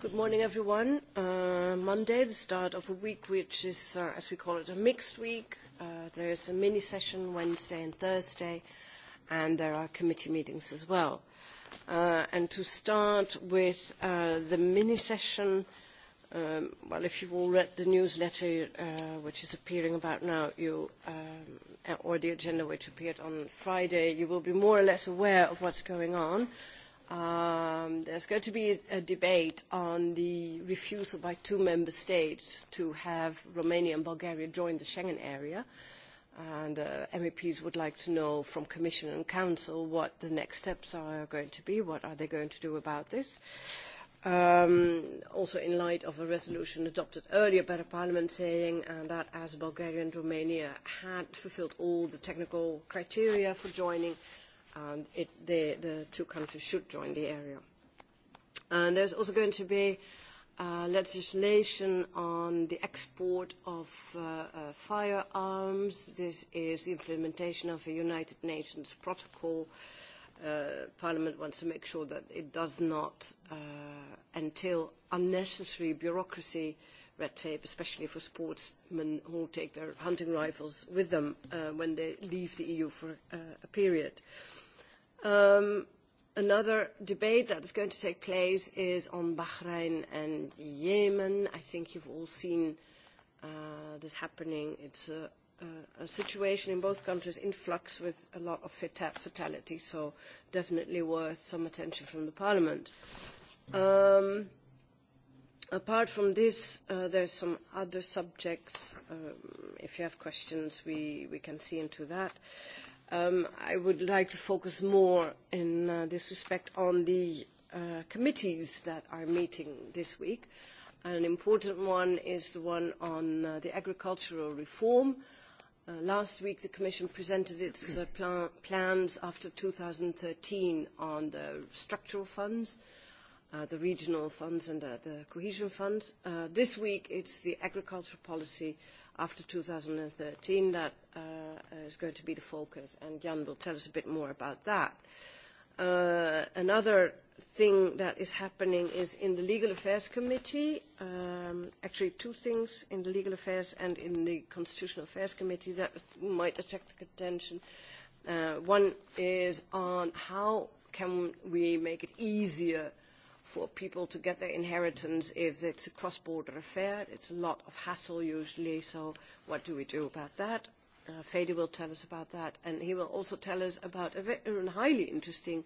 Good morning, everyone. Monday, the start of a week which is, as we call it, a mixed week. There is a mini session Wednesday and Thursday, and there are committee meetings as well. And to start with the mini session, well, if you've all read the newsletter which is appearing about now, you or the agenda which appeared on Friday, you will be more or less aware of what's going on is going to be a debate on the refusal by two member states to have Romania and Bulgaria join the Schengen area. And MEPs would like to know from Commission and Council what the next steps are going to be, what are they going to do about this. Also in light of a resolution adopted earlier by the Parliament saying that as Bulgaria and Romania had fulfilled all the technical criteria for joining, the two countries should join the area. And there's also going to be legislation on the export of firearms. This is the implementation of a United Nations protocol. Parliament wants to make sure that it does not entail unnecessary bureaucracy, red tape, especially for sportsmen who take their hunting rifles with them when they leave the EU for a period. Another debate that is going to take place is on Bahrain and Yemen. I think you've all seen this happening. It's a situation in both countries in flux with a lot of fatality, so definitely worth some attention from the Parliament. Apart from this, there are some other subjects. If you have questions, we can see into that. I would like to focus more in this respect on the committees that are meeting this week. An important one is the one on the agricultural reform. Last week the Commission presented its plans after 2013 on the structural funds, the regional funds and the cohesion funds. This week it's the agricultural policy after 2013. That is going to be the focus, and Jan will tell us a bit more about that. Another thing that is happening is in the Legal Affairs Committee, actually two things in the Legal Affairs and in the Constitutional Affairs Committee that might attract attention. One is on how can we make it easier for people to get their inheritance if it's a cross-border affair. It's a lot of hassle usually, so what do we do about that? Fede will tell us about that, and he will also tell us about a very highly interesting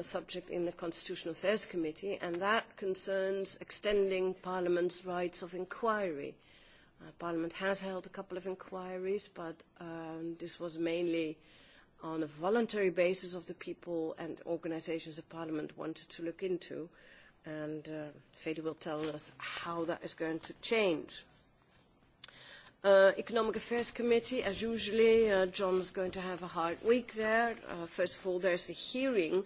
subject in the Constitutional Affairs Committee, and that concerns extending Parliament's rights of inquiry. Parliament has held a couple of inquiries, but this was mainly on a voluntary basis of the people and organisations the Parliament wanted to look into. And Fede will tell us how that is going to change. Economic Affairs Committee, as usually, John is going to have a hard week there. First of all, there is a hearing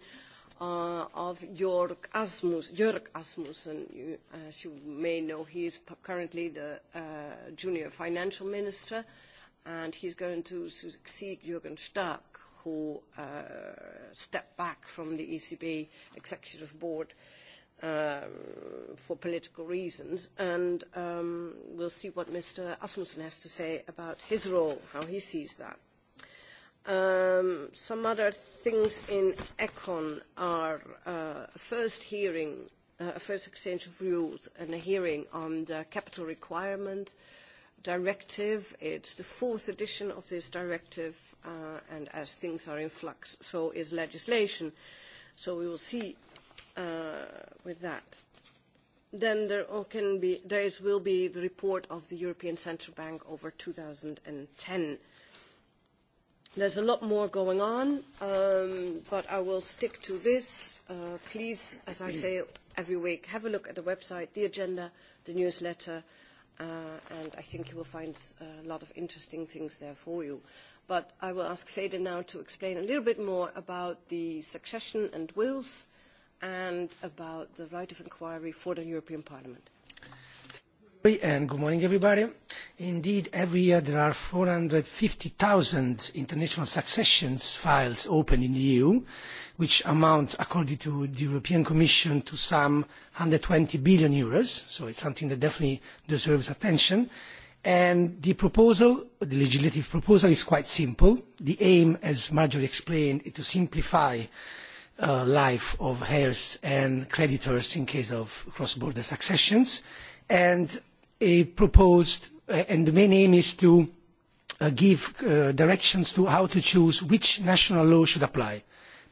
of Jörg Asmus. Asmussen. As you may know, he is currently the junior financial minister and is going to succeed Jürgen Stark, who stepped back from the ECB executive board for political reasons, and we'll see what Mr. Asmussen has to say about his role, how he sees that. Some other things in ECON are a first hearing, a first exchange of rules and a hearing on the capital requirement directive. It's the fourth edition of this directive, and as things are in flux, so is legislation. So we will see with that. Then there can be, there will be the report of the European Central Bank over 2010. There's a lot more going on, but I will stick to this. Please, as I say every week, have a look at the website, the agenda, the newsletter and I think you will find a lot of interesting things there for you. But I will ask Fede now to explain a little bit more about the succession and wills and about the right of inquiry for the European Parliament and good morning everybody. Indeed, every year there are 450,000 international successions files open in the EU, which amount, according to the European Commission, to some 120 billion euros. So it's something that definitely deserves attention. And the proposal, the legislative proposal, is quite simple. The aim, as Marjorie explained, is to simplify life of heirs and creditors in case of cross-border successions and proposed and the main aim is to give directions to how to choose which national law should apply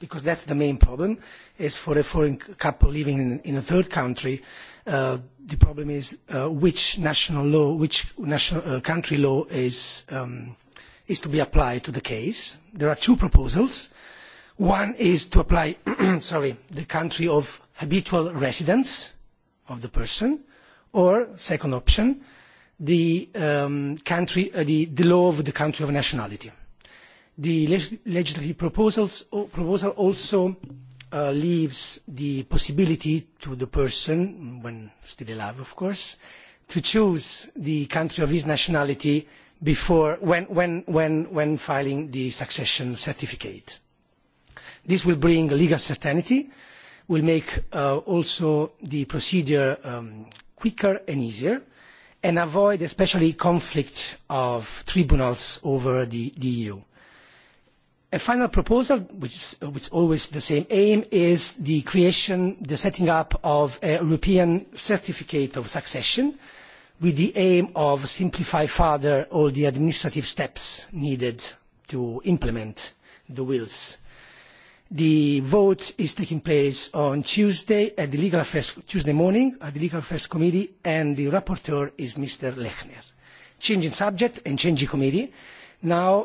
because that's the main problem is for a foreign couple living in a third country the problem is which national law which national country law is is to be applied to the case there are two proposals one is to apply sorry the country of habitual residence of the person or second option the country the law of the country of nationality the legislative proposal also leaves the possibility to the person when still alive of course to choose the country of his nationality before when filing the succession certificate this will bring legal certainty will make also the procedure quicker and easier and avoid especially conflict of tribunals over the EU. A final proposal, which is always the same aim, is the creation, the setting up of a European certificate of succession with the aim of simplifying further all the administrative steps needed to implement the wills The vote is taking place on Tuesday at the Legal Affairs Tuesday morning at the Legal Affairs Committee and the rapporteur is Mr Lechner. Changing subject and changing committee. Now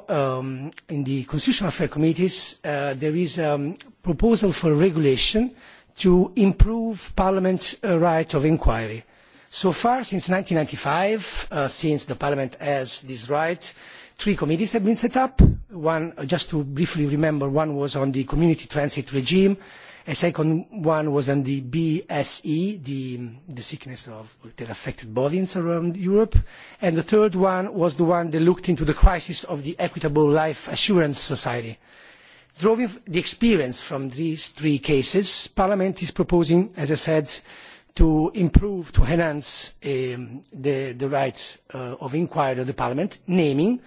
in the Constitutional Affairs Committees there is a proposal for regulation to improve Parliament's right of inquiry. So far since 1995, since the Parliament has this right, Three committees have been set up. One, just to briefly remember, one was on the community transit regime. A second one was on the BSE, the sickness of that affected bodies around Europe. And the third one was the one that looked into the crisis of the Equitable Life Assurance Society. Drawing the experience from these three cases, Parliament is proposing, as I said, to improve, to enhance the rights of inquiry of the Parliament, naming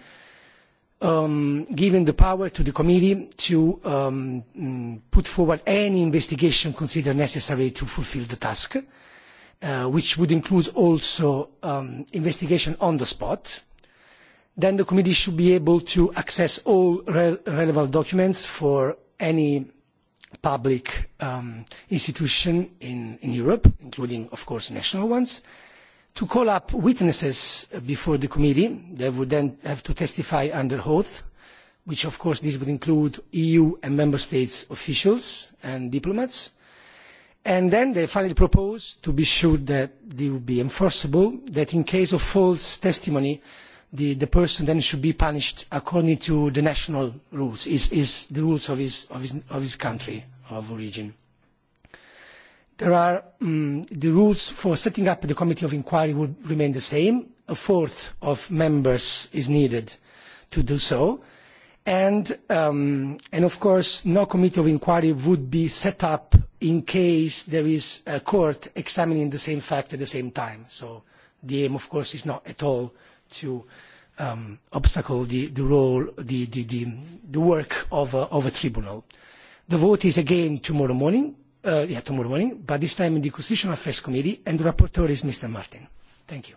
giving the power to the committee to put forward any investigation considered necessary to fulfil the task, which would include also investigation on the spot. Then the committee should be able to access all relevant documents for any public institution in Europe, including, of course, national ones to call up witnesses before the committee they would then have to testify under oath, which of course this would include EU and Member States officials and diplomats. And then they finally propose to be sure that they would be enforceable, that in case of false testimony, the person then should be punished according to the national rules, is the rules of his country of origin the rules for setting up the committee of inquiry would remain the same. A fourth of members is needed to do so, and of course no committee of inquiry would be set up in case there is a court examining the same fact at the same time. So the aim, of course, is not at all to obstacle the role, the work of a tribunal. The vote is again tomorrow morning yeah, tomorrow morning, but this time in the Constitutional Affairs Committee, and the rapporteur is Mr. Martin. Thank you.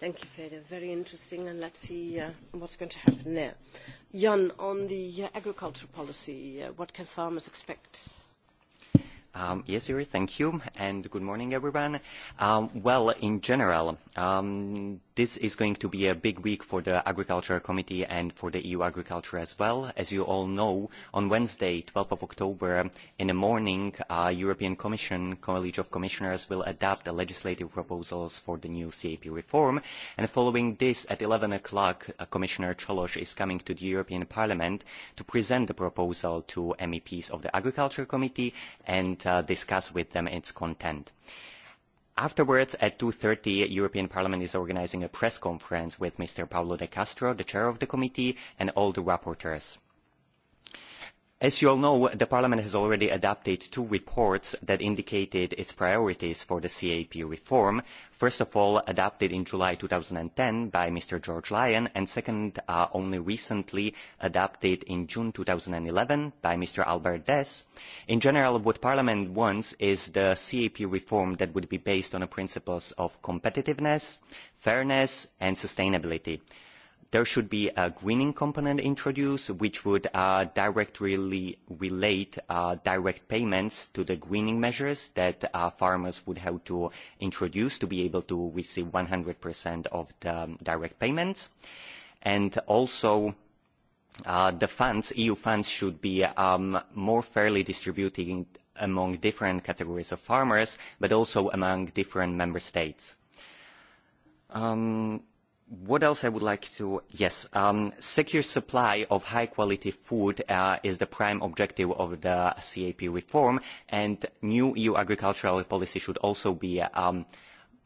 Thank you, Fede. Very interesting, and let's see what's going to happen there. Jan, on the agriculture policy, what can farmers expect? Yes, Yuri, thank you, and good morning, everyone. Well, in general, This is going to be a big week for the Agriculture Committee and for the EU Agriculture as well. As you all know, on Wednesday, 12 October, in the morning, the European Commission College of Commissioners will adopt the legislative proposals for the new CAP reform. And following this, at 11 o'clock, Commissioner Cholos is coming to the European Parliament to present the proposal to MEPs of the Agriculture Committee and discuss with them its content. Afterwards, at 2.30, European Parliament is organising a press conference with Mr. Paolo De Castro, the chair of the committee, and all the rapporteurs. As you all know, the Parliament has already adopted two reports that indicated its priorities for the CAP reform. First of all, adopted in July 2010 by Mr. George Lyon, and second, only recently adopted in June 2011 by Mr. Albert Dess. In general, what Parliament wants is the CAP reform that would be based on the principles of competitiveness, fairness, and sustainability. There should be a greening component introduced, which would directly relate direct payments to the greening measures that farmers would have to introduce to be able to receive 100% of the direct payments. And also, the funds, EU funds, should be more fairly distributed among different categories of farmers, but also among different member states. What else I would like to, yes, secure supply of high-quality food is the prime objective of the CAP reform, and new EU agricultural policy should also be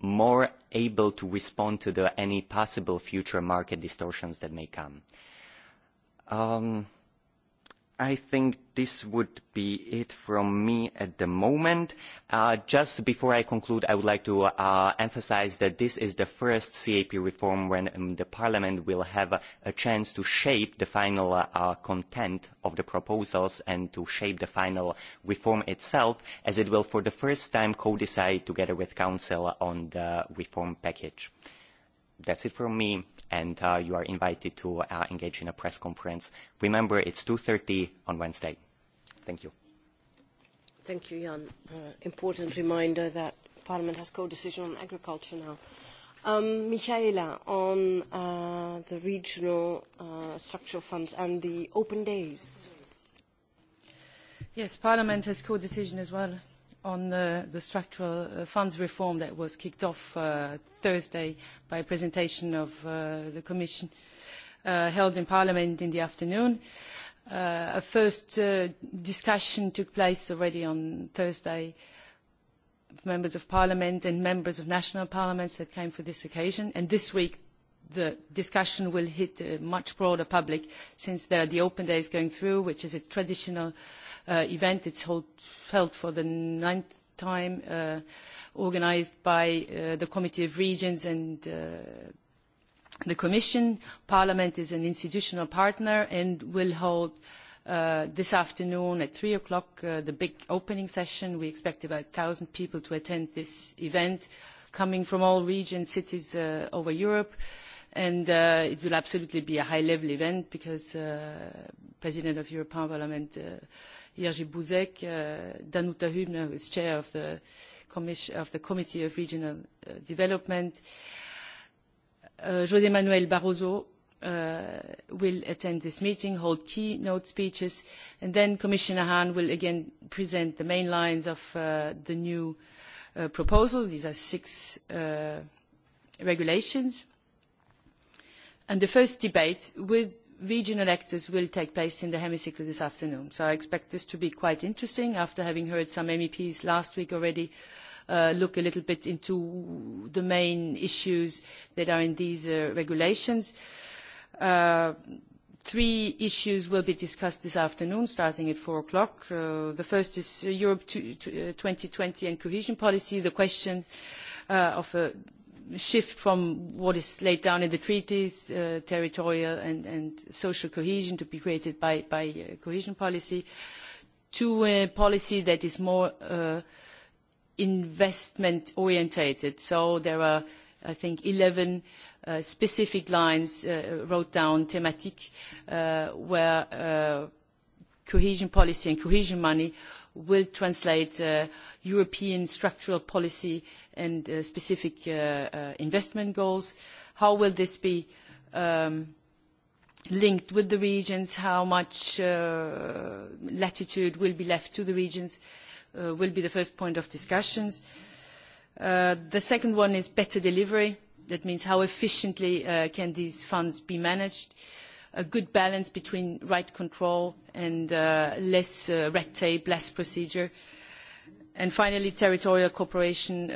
more able to respond to any possible future market distortions that may come. I think this would be it from me at the moment. Just before I conclude, I would like to emphasise that this is the first CAP reform when the Parliament will have a chance to shape the final content of the proposals and to shape the final reform itself, as it will for the first time co-decide together with Council on the reform package. That's it from me and you are invited to engage in a press conference. Remember, it's 2.30 on Wednesday. Thank you. Thank you, Jan. Important reminder that Parliament has co-decision on agriculture now. Michaela, on the regional structural funds and the open days. Yes, Parliament has co-decision as well on the structural funds reform that was kicked off Thursday by a presentation of the Commission held in Parliament in the afternoon. A first discussion took place already on Thursday members of Parliament and members of national parliaments that came for this occasion. And this week the discussion will hit a much broader public since there are the open days going through, which is a traditional event. It's held for the ninth time, organised by the Committee of Regions and the Commission. Parliament is an institutional partner and will hold this afternoon at 3 o'clock the big opening session. We expect about 1,000 people to attend this event, coming from all regions, cities over Europe. And it will absolutely be a high-level event because President of European Parliament Jerzy Buzek, Danuta Hübner, who is chair of the Committee of Regional Development. José Manuel Barroso will attend this meeting, hold keynote speeches, and then Commissioner Hahn will again present the main lines of the new proposal. These are six regulations. And the first debate with regional actors will take place in the hemicycle this afternoon. So I expect this to be quite interesting after having heard some MEPs last week already look a little bit into the main issues that are in these regulations. Three issues will be discussed this afternoon, starting at 4 o'clock. The first is Europe 2020 and cohesion policy, the question of shift from what is laid down in the treaties, territorial and social cohesion to be created by cohesion policy, to a policy that is more investment orientated. So there are, I think, 11 specific lines wrote down, thematic, where cohesion policy and cohesion money will translate European structural policy and specific investment goals. How will this be linked with the regions? How much latitude will be left to the regions will be the first point of discussions. The second one is better delivery. That means how efficiently can these funds be managed a good balance between right control and less red tape, less procedure. And finally, territorial cooperation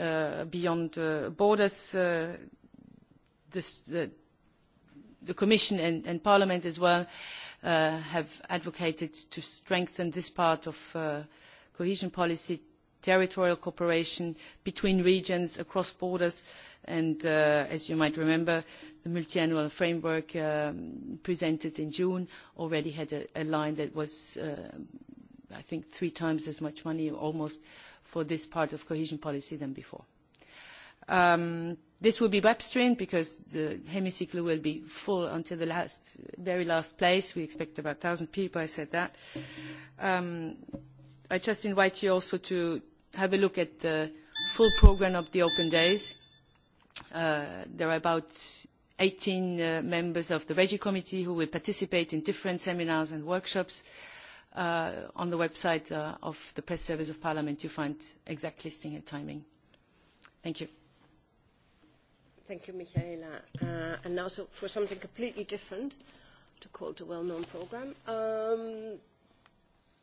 beyond borders. The Commission and Parliament as well have advocated to strengthen this part of cohesion policy territorial cooperation between regions across borders and as you might remember the multiannual framework presented in june already had a line that was i think three times as much money almost for this part of cohesion policy than before. This will be web streamed because the hemicycle will be full until the last, very last place. We expect about 1,000 people. I said that. I just invite you also to have a look at the full programme of the open days. There are about 18 members of the REGI committee who will participate in different seminars and workshops. On the website of the Press Service of Parliament, you find exact listing and timing. Thank you. Thank you, Michaela. And now for something completely different, to quote a well-known programme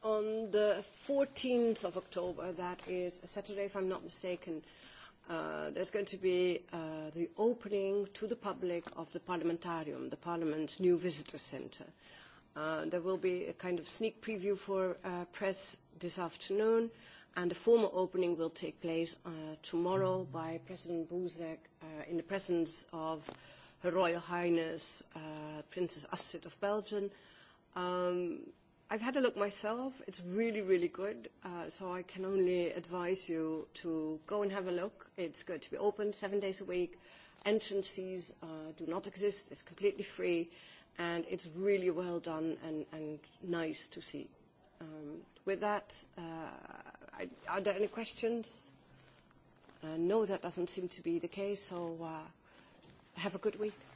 on the 14th of October, that is a Saturday if I'm not mistaken, there's going to be the opening to the public of the Parliamentarium, the Parliament's new visitor centre. There will be a kind of sneak preview for press this afternoon, and the formal opening will take place tomorrow by President Buzek in the presence of Her Royal Highness Princess Astrid of Belgium I've had a look myself. It's really, really good. So I can only advise you to go and have a look. It's going to be open seven days a week. Entrance fees do not exist. It's completely free. And it's really well done and nice to see. With that, are there any questions? No, that doesn't seem to be the case. So have a good week.